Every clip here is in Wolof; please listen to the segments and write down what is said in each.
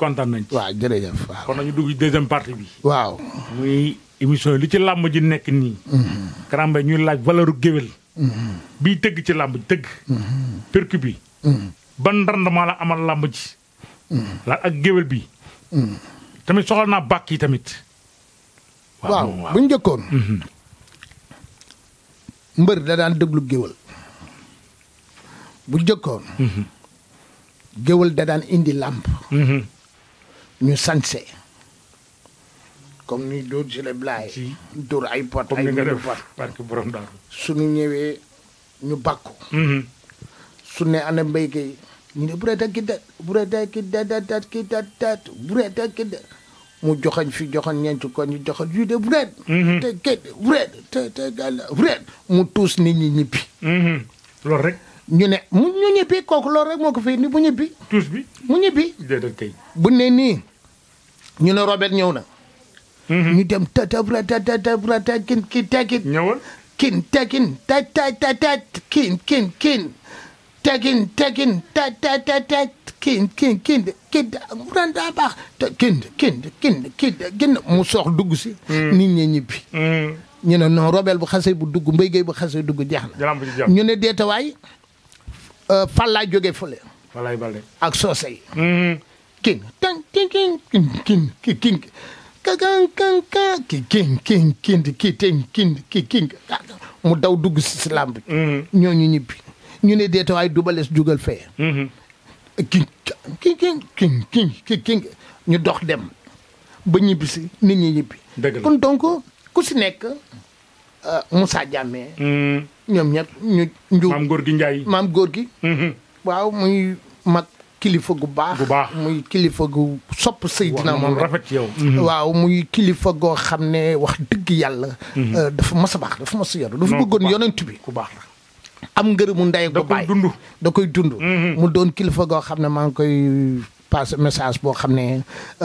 kontaan nañ. waaw jërëjëf waaw. kon nañu dugg deuxième partie bi. waaw muy émission li ci làmb ji nekk nii. Mm-hmm. Karam Mbaye ñuy laaj valeur géwél. Mm-hmm. biy tëgg ci làmb ji tëgg. Mm-hmm. percu bi. ban rendement la amal làmb ji. la ak géwél bi. tamit soxla naa bàkk yi tamit. waaw bu ñu mbër da daan déglu géwél. bu njëkkoon. géwél da daan indi làmb. ñu sañse comme ni dóor gilet blanc ay pot ay benn pot borom daal ñu bàkku mm-hmm. su ne ana mbaykay ñu ne buree takki dat buree takki dat dat ki mu joxañ fi joxañ ñeenti ko ñu joxañ yu de bureet mm-hmm. mu tuus nit ñi ñibbi mm-hmm. loolu rek ne mu ñu ñibbi kooku loolu rek moo ko fii ni mu ñibbi mu ñibbi bu ne nii ñu ne Robert ñëw na. ñu dem ta ta ta ta ta kin kin tekin. ñëwal kin tekin ta ta ta ta kin kin kin. tekin tekin ta ta ta ta kin kin kin kin mu daan daa baax kin kin kin kin kin mu sox dugg si. nit ñi ñibbi. ñu ne non Robert bu xasee bu dugg Mbaye Gueye bu xasee dugg jeex na. ñu ne deetawaay Falla jóge fële. Falaay Balde ak Socé. kin te kin kin kin kin kin kakan kan kan ki ki ki mu daw dugg si lamb bi mm-hmm. ñooñu ñibbi ñu ne deeta waay dubalees jugal fee mm-hmm. king king king king king king king ñu dox dem ba ñibbi si nit ñi ñibbi kon donc ku si nekk euh, Moussa Diame mm-hmm. ñoom ñëpp ñu nju maam góor gi Ndiaye maam góor gi waaw muy mag kilifa gu baax gu baax muy kilifa gu sopp Seydina Mohamed rafet yow. Mm-hmm. waaw muy kilifa goo xam ne wax dëgg yàlla. Mm-hmm. Euh, dafa mas a baax dafa mas a yaru dafa bëggoon yonent bi ku baax am ngërëmu ndey gu baay da koy dund mm-hmm. mu doon kilifa goo xam ne maa ngi koy passé message boo xam ne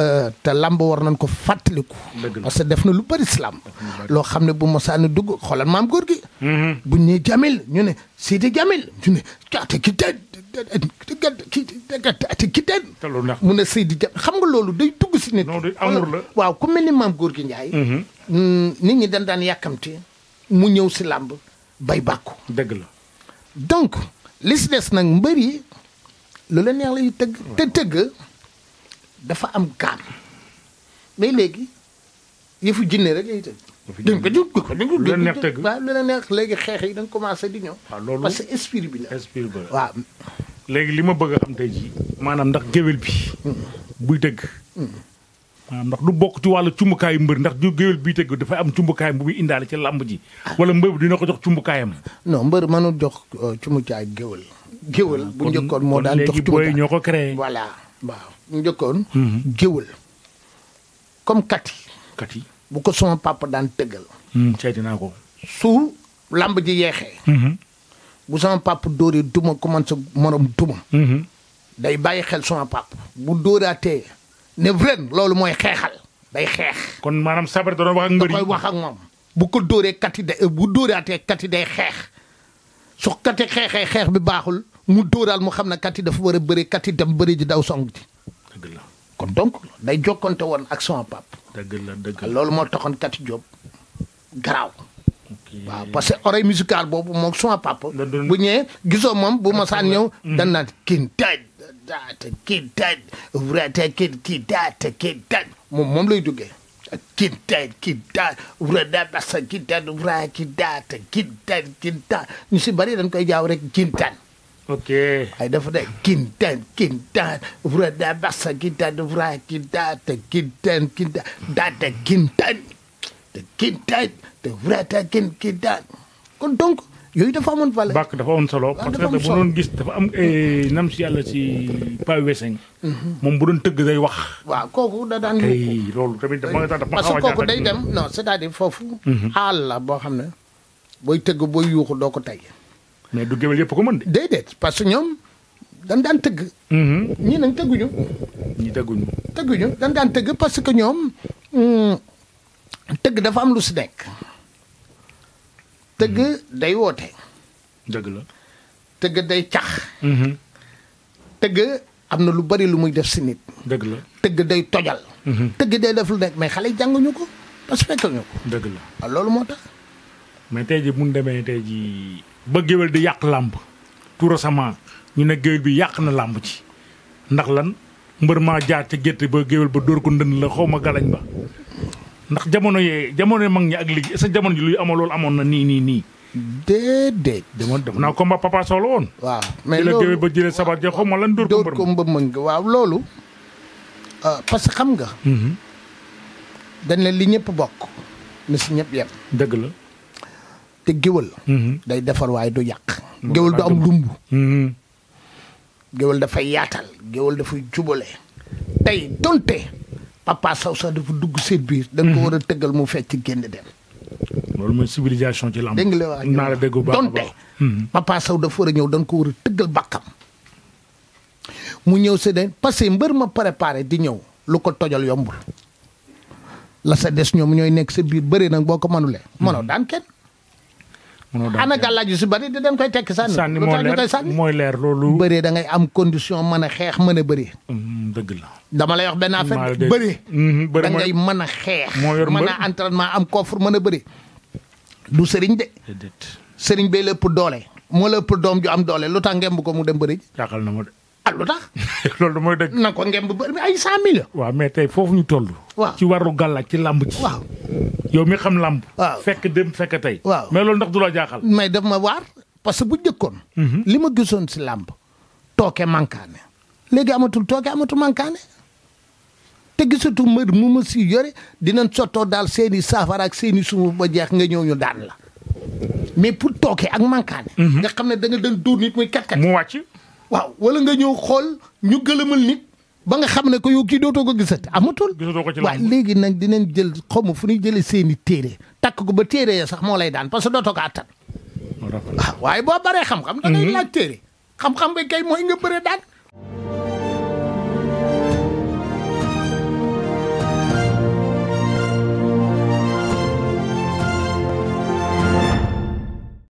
euh, te lamb war nañ ko fàttaliku parce que def na lu bari islam loo xam ne bu mosaani dugg xoolal maam góor gi bu ñuy jamil ñu ne Sidi jamil ñu ne caate ki tëj mu ne Seydi Diagne xam nga loolu day tugg si nit waaw ku mel ni maam góor gi Njaay nit ñi dañ daan yàkkamte mu ñëw si làmb bay bàkku dëgg la donc li nag mbër yi lu la neex lay tëgg te tëgg dafa am gaam mais léegi yëfu jinne rek lay tëgg dañ ko jug ko dañ ko jug waaw lu la neex léegi xeex yi dañ commencé di ñëw ah, parce que esprit bi la waaw léegi li ma bëgg a xam tey jii maanaam ndax géwél bi buy tëgg maanaam ndax du bokk ci wàllu yu mbër ndax du géwél biy tëgg dafay am cumbukaayam bu muy indaale ci làmb ji wala mbër bi dina ko jox cumbukaayam non mbër mënul jox euh, cumbukaay géwél géwél bu njëkkoon moo daan jox cumbukaay ñoo ko créé voilà waaw bu njëkkoon mhm. géwél comme kati kati bu ko sama papa daan tëggal mhm, seeti naa ko su làmb ji yeexee mhm. bu sama papa dóoree duma ko man sa morom duma. Mhm. day bàyyi xel sama papa. bu dóoraatee ne ren loolu mooy xeexal day xeex. kon maanaam sabar da doon wax ak mbëri koy wax ak moom. bu ko dóoree kati day bu dóoraatee kati day xeex su kati xeexee xeex bi baaxul mu dóoraal mu xam ne kati dafa war a bëri kati dem bëri ji daw song ji. dëgg la kon donc day jokkante woon ak sama papa. dëgg la dëgg loolu moo toxoon kati Diop garaaw. waaw parce que oreille musicale boobu moom suma papa. bu ñëwee gisoo moom bu ma saan ñëw. dan naan kii daaj daata kii moom moom lay duggee. kii daaj kii daaj wuraata basa bari dañ koy jaaw rek kii ay dafa de kintaan kintaan wura daa basa te kintaay te wuraataay kin kintaay kon donc yooyu dafa amoon valeur. bàkk dafa amoon solo parce que bu doon gis dafa am eh, nam si mhm. moom bu doon tëgg day wax. waaw kooku da daan. kay loolu tamit dafa dafa parce que day dem non cest à mhm. la boo xam ne booy tëgg booy yuuxu doo ko tey. mais du géwél yëpp ko mën de. parce que ñoom dañ daan tëgg. Mhm. ñii nañ tëgguñu. ñii tëgguñu. tëgguñu dañ tëgg parce que ñoom hmm, tëgg dafa am lu si nekk tëgg hmm. day woote dëgg la tëgg day cax hmm. tëgg am na lu bari lu muy def si nit dëgg la tëgg day tojal hmm. tëgg day def lu nekk mais xale yi jànguñu ko parce que fekk ñu ko dëgg la waaw ah, loolu moo tax mais tey ji mun demee tey ji ba géwél di yàq làmb tout récemment ñu ne géwél bi yàq na làmb ci ndax lan mbër ma jaar ca gétt ba géwél ba dóor ko ndënd la xaw ma galañ ba ndax jamono yee jamono mag ñi ak léegi est jamono ji luy amoon loolu amoon na nii nii nii. demoon demoon naa combat papa Sow la woon. waaw mais loolu la ba jëlee sabar ja ma lan dóor ko mbër ko waaw loolu. Euh, parce que xam nga. Mhm. dañ li ñëpp bokk. na si ñëpp yem. dëgg la. te géwal. Mhm. day defar waaye du yàq. géwal du am lumb. Mhm. géwal dafay yaatal géwal dafay jubale. tey donte. papa saw sa dafa dugg seen biir. da ko mhm. war a tëggal mu fecc génn dem. loolu mooy civilisation ci lamb. dégg nga li wax naa la dégg bu baax donte. Mhm. papa saw dafa a ñëw da nga ko war a tëggal bàkkam. mu ñëw si den parce que mbër ma préparé di ñëw lu ko tojal yombul. la sa des ñoom ñooy nekk sa biir bëri nag boo ko mënulee. mënoo mhm. daan kenn. ana gàllaaj yu si bëri di dañ koy tekki sànni. sànni mooy leer mooy leer loolu. bëree da ngay am condition mën a xeex mën a bëri. Mm, dëgg la. dama lay wax benn affaire bëri. Mm-hmm, da ngay mën a xeex. moo yor mën a entraînement am coffre mën a bëri. du sëriñ de. sëriñ bee lépp doole. moo lépp doom ju am doole lu tax ngemb ko mu dem bëri. jaaxal na ma Ah, lu tax. loolu da mooy dëgg. na ko ngemb ba ay cent millions. waaw mais tey foofu ñu toll. waaw ci waru gàllaaj ci làmb ci waaw yow mi xam làmb. waaw fekk dem fekk tey. waaw mais loolu ndax du la jaaxal. may daf ma waar parce que bu njëkkoon. Mhm. li ma gisoon si làmb. tooke mankaane. léegi amatul tooke amatul mankaane. te gisatu mbër mu ma si yore dinañ sottoo daal seeni i saafara ak seen i sumu ba jeex nga ñëw ñu daan la mais pour tooke ak mankaane. Mhm. nga xam ne da nga doon dóor nit muy kat waaw wala nga ñëw xool ñu gëlëmal nit ba nga xam ne ko yow kii dootoo ko gisati amatul. waaw léegi nag dinañ jël xaw ma fu ñuy jëlee seen téere takk ko ba téere ya sax moo lay daan parce que dootoo ko attan. waaw ah, waaye boo baree xam-xam. da mhm. laaj téere xam-xam bi kay mooy nga bëree daan.